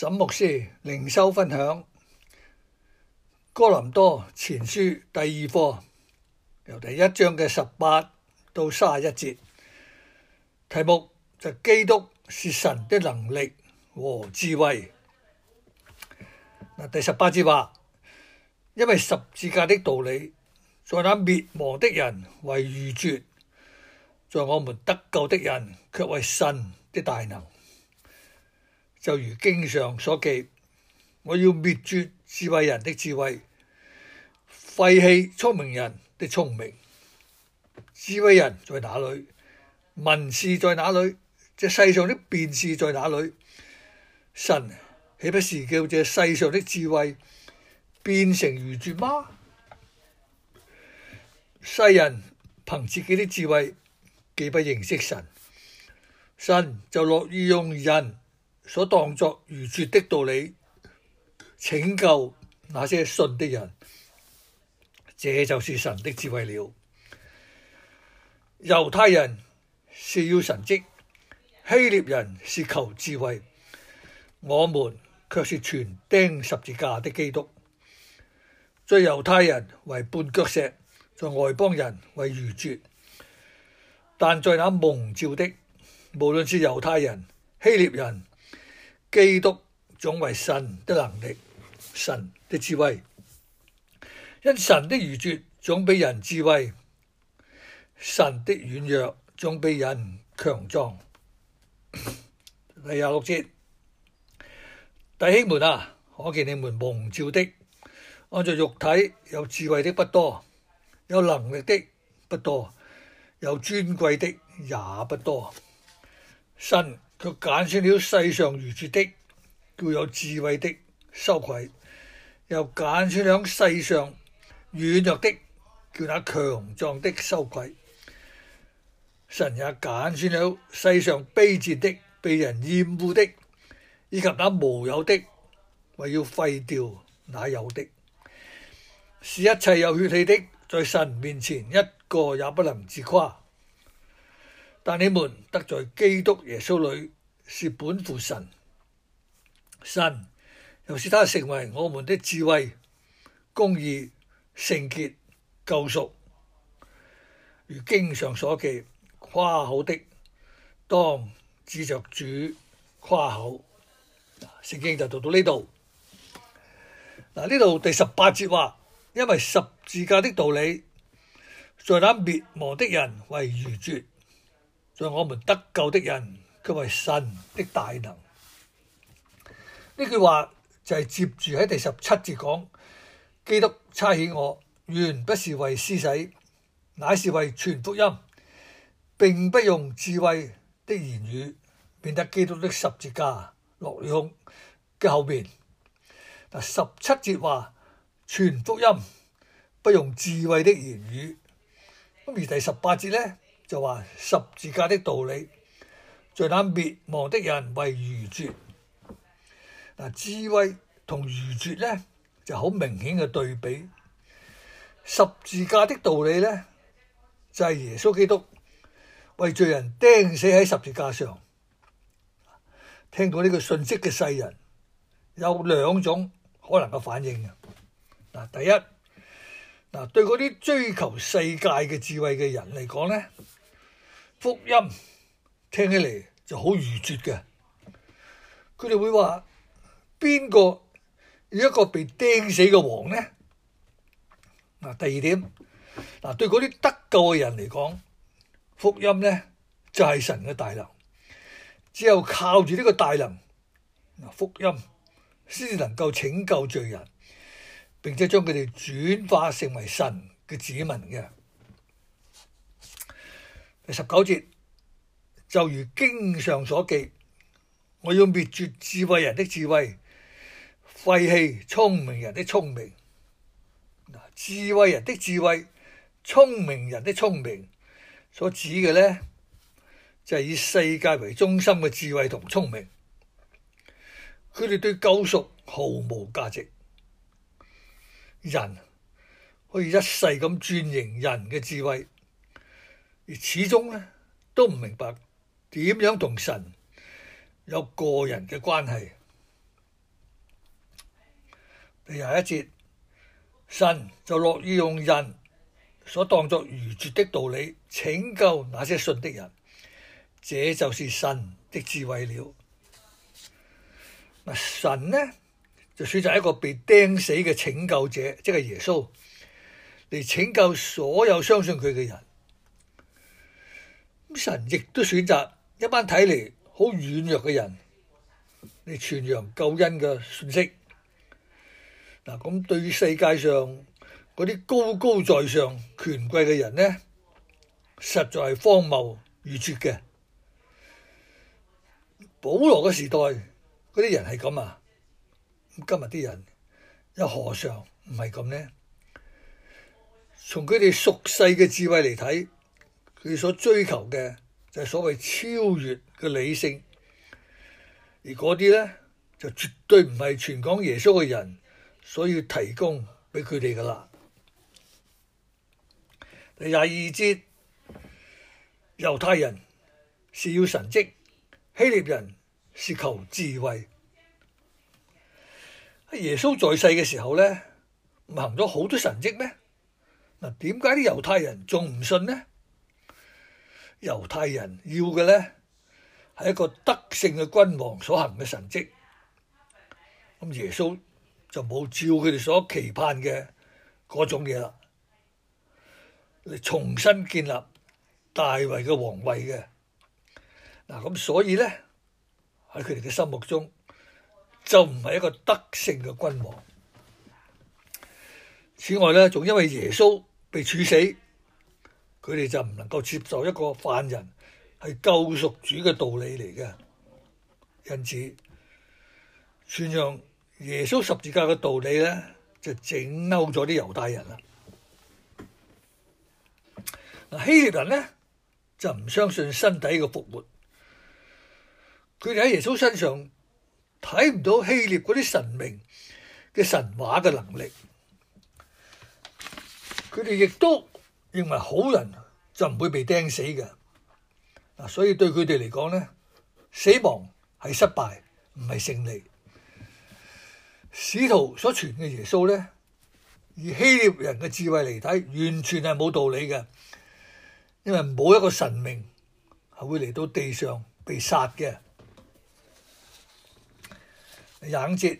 沈牧師靈修分享哥林多前書第二課，由第一章嘅十八到三十一節，題目就係基督是神的能力和智慧。嗱，第十八節話，因為十字架的道理，在那滅亡的人為愚拙，在我們得救的人卻為神的大能。就如經上所記，我要滅絕智慧人的智慧，廢棄聰明人的聰明。智慧人在哪裏？文士在哪裏？這世上的辯士在哪裏？神豈不是叫這世上的智慧變成愚拙嗎？世人憑自己的智慧，既不認識神，神就樂意用人所當作愚拙的道理，拯救那些信的人，這就是神的智慧了。猶太人是要神蹟，希臘人是求智慧，我們卻是傳釘十字架的基督。在猶太人為絆腳石，在外邦人為愚拙，但在那蒙召的，無論是猶太人、希臘人，基督總為神的能力、神的智慧，因神的愚拙總比人智慧，神的軟弱總比人強壯。第廿六節，弟兄們啊，可見你們蒙召的，按照肉體有智慧的不多，有能力的不多，有尊貴的也不多，神。卻揀選了世上愚拙的，叫有智慧的羞愧；又揀選了世上軟弱的，叫那強壯的羞愧。神也揀選了世上卑賤的、被人厭惡的，以及那無有的，為要廢掉那有的。使一切有血氣的，在神面前一個也不能自誇。但你們得在基督耶穌裏是本乎神，神又使他成為我們的智慧、公義、聖潔、救贖。如經上所記，誇口的當指着主誇口。聖經就讀到呢度。嗱，呢度第十八節話，因為十字架的道理，在那滅亡的人為愚拙。在我們得救的人，卻為神的大能。呢句話就係接住喺第十七節講，基督差遣我，原不是為施洗，乃是為傳福音，並不用智慧的言語，免得基督的十字架落了空嘅後邊。嗱，十七節話傳福音，不用智慧的言語。咁而第十八節咧？就話十字架的道理，最慘滅亡的人為愚拙。嗱，智慧同愚拙咧就好明顯嘅對比。十字架的道理咧就係、是、耶穌基督為罪人釘死喺十字架上。聽到呢個信息嘅世人有兩種可能嘅反應嘅。嗱，第一嗱，對嗰啲追求世界嘅智慧嘅人嚟講咧。福音聽起嚟就好愚拙嘅，佢哋會話邊個有一個被釘死嘅王呢？嗱，第二點，嗱對嗰啲得救嘅人嚟講，福音呢就係、是、神嘅大能，只有靠住呢個大能，福音先至能夠拯救罪人，並且將佢哋轉化成為神嘅子民嘅。十九節，就如經上所記，我要滅絕智慧人的智慧，廢棄聰明人的聰明。智慧人的智慧，聰明人的聰明，所指嘅咧就係、是、以世界為中心嘅智慧同聰明，佢哋對救贖毫無價值。人可以一世咁鑽營，人嘅智慧。而始終咧都唔明白點樣同神有個人嘅關係。第二十一節，神就樂意用人所當作愚拙的道理拯救那些信的人，這就是神的智慧了。咁神呢，就選擇一個被釘死嘅拯救者，即係耶穌嚟拯救所有相信佢嘅人。神亦都選擇一班睇嚟好軟弱嘅人嚟傳揚救恩嘅信息。嗱，咁對於世界上嗰啲高高在上、權貴嘅人呢，實在係荒謬愚拙嘅。保羅嘅時代嗰啲人係咁啊，咁今日啲人又何嘗唔係咁呢？從佢哋俗世嘅智慧嚟睇。佢所追求嘅就係所謂超越嘅理性而，而嗰啲咧就絕對唔係全講耶穌嘅人所要提供俾佢哋噶啦。第廿二節，猶太人是要神蹟，希臘人是求智慧。耶穌在世嘅時候咧，唔行咗好多神蹟咩？嗱，點解啲猶太人仲唔信呢？猶太人要嘅咧，係一個德性嘅君王所行嘅神蹟，咁耶穌就冇照佢哋所期盼嘅嗰種嘢啦，嚟重新建立大衞嘅皇位嘅。嗱咁所以咧，喺佢哋嘅心目中就唔係一個德性嘅君王。此外咧，仲因為耶穌被處死。佢哋就唔能夠接受一個犯人係救贖主嘅道理嚟嘅，因此，算上耶穌十字架嘅道理咧，就整嬲咗啲猶太人啦。嗱，希臘人咧就唔相信身體嘅復活，佢哋喺耶穌身上睇唔到希臘嗰啲神明嘅神話嘅能力，佢哋亦都。認為好人就唔會被釘死嘅嗱，所以對佢哋嚟講咧，死亡係失敗，唔係勝利。使徒所傳嘅耶穌咧，以希臘人嘅智慧嚟睇，完全係冇道理嘅，因為冇一個神明係會嚟到地上被殺嘅。廿五節，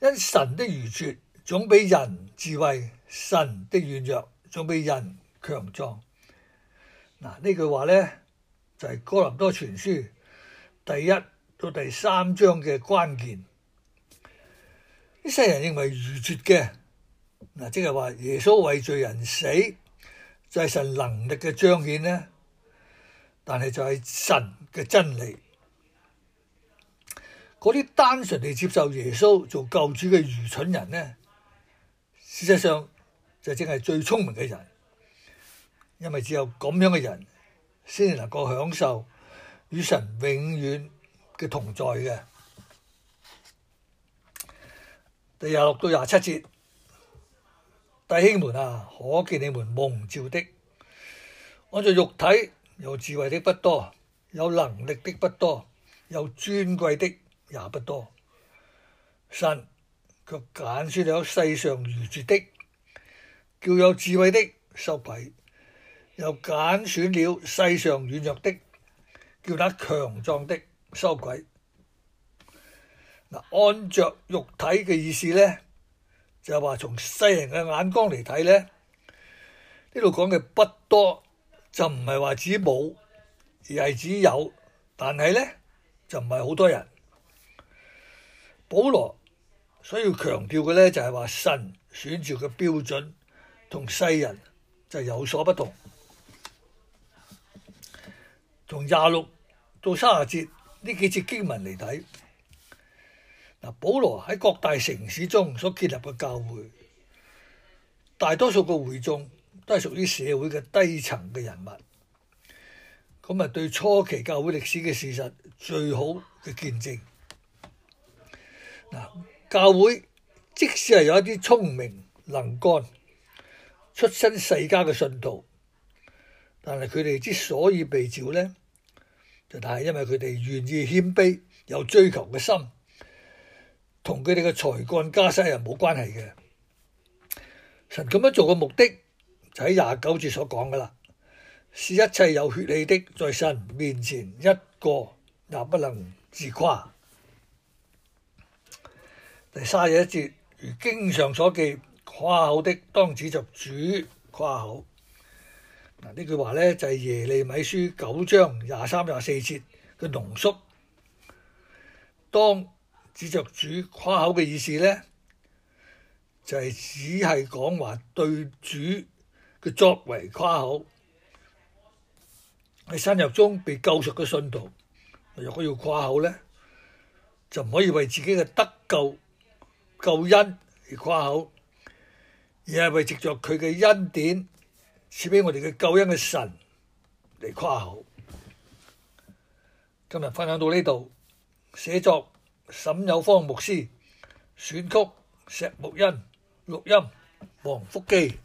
因神的愚拙總比人智慧，神的軟弱。仲比人強壯，嗱、啊、呢句話咧就係、是、哥林多前書第一到第三章嘅關鍵。呢世人認為愚拙嘅，嗱即係話耶穌為罪人死，就係、是、神能力嘅彰顯咧。但係就係神嘅真理。嗰啲單純地接受耶穌做救主嘅愚蠢人咧，事實上。就正係最聰明嘅人，因為只有咁樣嘅人先能夠享受與神永遠嘅同在嘅。第廿六到廿七節，弟兄們啊，可見你們蒙召的，按照肉體有智慧的不多，有能力的不多，有尊貴的也不多，神卻揀選了世上愚拙的。叫有智慧的羞愧，又揀選了世上軟弱的，叫他強壯的羞愧。嗱，按着肉體嘅意思咧，就係話從世人嘅眼光嚟睇咧，呢度講嘅不多，就唔係話只冇，而係指有，但係咧就唔係好多人。保羅所要強調嘅咧，就係話神選召嘅標準。同世人就有所不同。從廿六到三十節呢幾節經文嚟睇，嗱，保羅喺各大城市中所建立嘅教會，大多數嘅會眾都係屬於社會嘅低層嘅人物，咁啊，對初期教會歷史嘅事實最好嘅見證。嗱，教會即使係有一啲聰明能幹，出身世家嘅信徒，但係佢哋之所以被召呢，就係、是、因為佢哋願意謙卑，有追求嘅心，同佢哋嘅才幹加身又冇關係嘅。神咁樣做嘅目的，就喺廿九節所講噶啦，使一切有血氣的，在神面前一個也不能自誇。第三十一節，如經上所記。誇口的，當指着主誇口。嗱，呢句話咧就係、是、耶利米書九章廿三廿四節嘅濃縮。當指着主誇口嘅意思咧，就係、是、只係講話對主嘅作為誇口。喺新約中被救贖嘅信徒，若果要誇口咧，就唔可以為自己嘅得救、救恩而誇口。而係為藉著佢嘅恩典，賜俾我哋嘅救恩嘅神嚟誇口。今日分享到呢度，寫作沈有芳牧師，選曲石木恩，錄音黃福基。